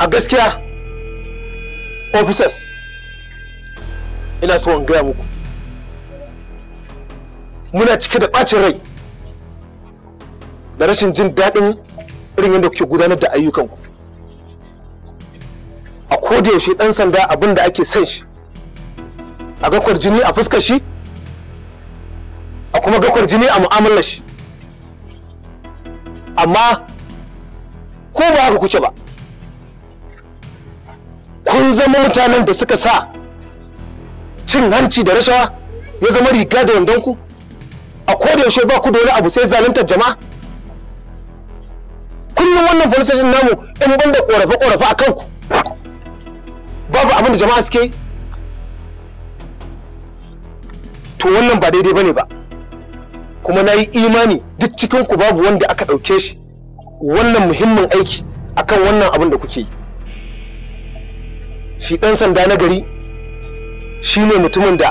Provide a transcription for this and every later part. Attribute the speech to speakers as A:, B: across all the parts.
A: a gaskiya officers ina so in gaya muku muna cike da ɓacin rai da rashin jin daɗin irin yadda kuke gudanar da ayyukanku a koda shi ɗan sanda abinda da ake son shi a gakwar jini a fuskar shi a kuma gakwar jini a mu'amalar shi amma ko ba haka kuke ba kun zama mutanen da suka sa cin hanci da rashawa ya zama riga da ku? a yaushe ba ku da wani abu sai zaluntar jama'a kullum wannan police namu in banda korafe-korafe a kanku babu abin da jama'a suke yi to wannan ba daidai bane ba kuma na yi imani duk cikin ku babu wanda aka ɗauke shi wannan muhimmin aiki akan wannan abin da kuke yi shi ɗan sanda na gari shi ne mutumin da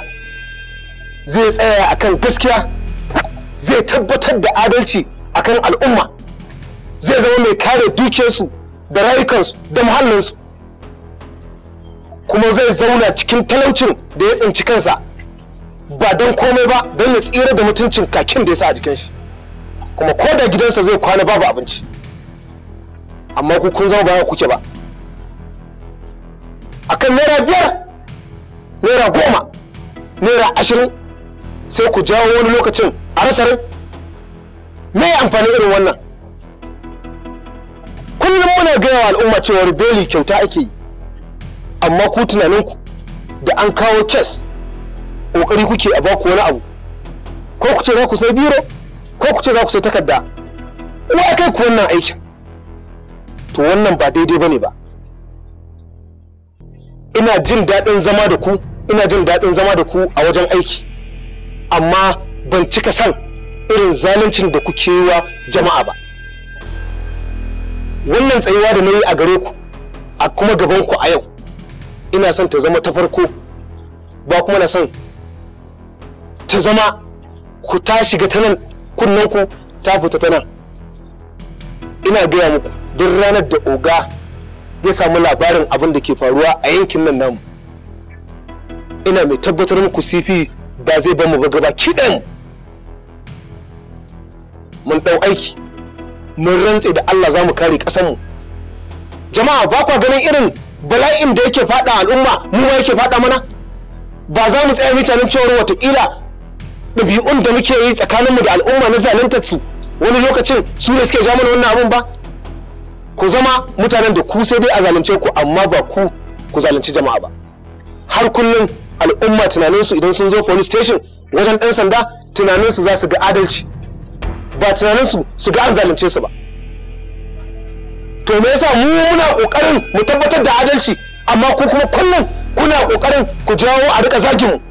A: zai tsaya akan gaskiya zai tabbatar da adalci akan al'umma zai zama mai kare dukiyarsu da rayukansu da muhallinsu kuma zai zauna cikin talaucin da ya tsinci kansa ba don komai ba don ya tsira da mutuncin kakin da ya sa a jikin shi kuma ko da gidansa zai kwana babu abinci amma ku kun zama baya kuke ba akan naira biyar naira goma naira ashirin sai ku jawo wani lokacin a rasa rai me amfani irin wannan kullum muna gaya wa al'umma cewa beli kyauta ake yi amma ku tunaninku da an kawo kes kokari kuke a baku wani abu ko ku ce za ku sai biro ko ku ce za ku sai takarda kuma ya kai ku wannan aikin to wannan ba daidai bane ba ina jin daɗin zama da ku ina jin daɗin zama da ku a wajen aiki amma ban cika san irin zaluncin da kuke yi wa jama'a ba wannan tsayuwa da na yi a gare ku a kuma gaban ku a yau ina son ta zama ta farko ba kuma na son ta zama ku ta shiga ta nan kunnen ku ta fita ta nan ina gaya muku duk ranar da oga ya samu labarin abin da ke faruwa a yankin nan namu ina mai tabbatar muku sifi ba zai ba mu ba gaba kiɗan mun ɗau aiki mun rantse da allah za mu kare ƙasanmu jama'a ba kwa ganin irin bala'in da yake faɗa al'umma mu ma yake faɗa mana ba za mu tsaya mutanen cewar watakila ɗabi'un da muke yi tsakaninmu da al'umma na zaluntar su wani lokacin su ne suke ja mana wannan abun ba ku zama mutanen da ku sai dai a zalunce ku amma ba ku ku zalunci jama'a ba har kullum al'umma tunaninsu idan sun zo police station wajen ɗan sanda tunaninsu za su ga adalci ba tunaninsu su ga an zalunce su ba to me yasa mu muna kokarin mu tabbatar da adalci amma ku kuma kullum kuna kokarin ku jawo a rika zagin mu